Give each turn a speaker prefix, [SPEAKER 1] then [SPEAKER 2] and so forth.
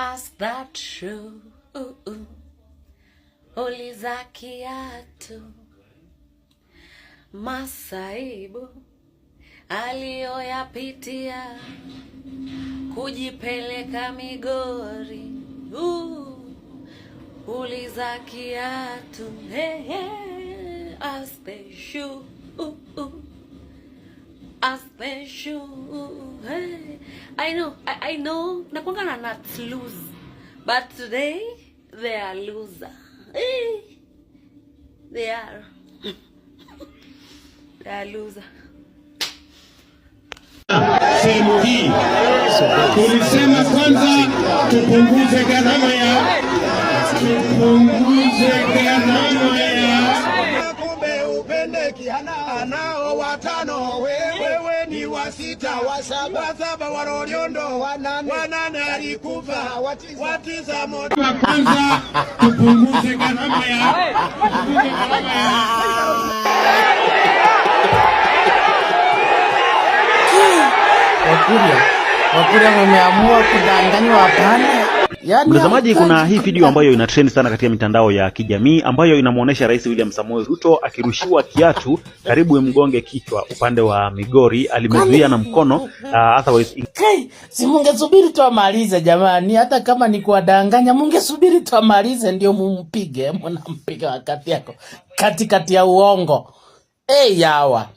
[SPEAKER 1] as that shoe Uliza kiatu masaibu aliyoyapitia kujipeleka Migori uh, uliza kiatu hey, hey, as the shoe uh, uh, as the shoe I know, I, I know, nakwanga na nuts lose But today, they are loser. Eh. they are. they are loser.
[SPEAKER 2] Sehemu hii tulisema kwanza tupunguze gharama ya tupunguze gharama
[SPEAKER 3] nao watano, wewe ni wa sita, wa saba, wanane alikufa, watisa moto. Kwanza tupunguze gharama ya
[SPEAKER 4] Wakuria, Wakuria wameamua kudanganywa hapana.
[SPEAKER 5] Yaani Mtazamaji, kuna hii video ambayo ina trend sana katika mitandao ya kijamii ambayo inamwonyesha Rais William Samoei Ruto akirushiwa kiatu karibu mgonge kichwa upande wa Migori, alimezuia na mkono uh,
[SPEAKER 6] hey, Si mungesubiri tu amalize jamani, hata kama ni kuwadanganya, mungesubiri tu amalize ndio mumpige. Mbona mpiga wakati yako katikati ya uongo? Hey, yawa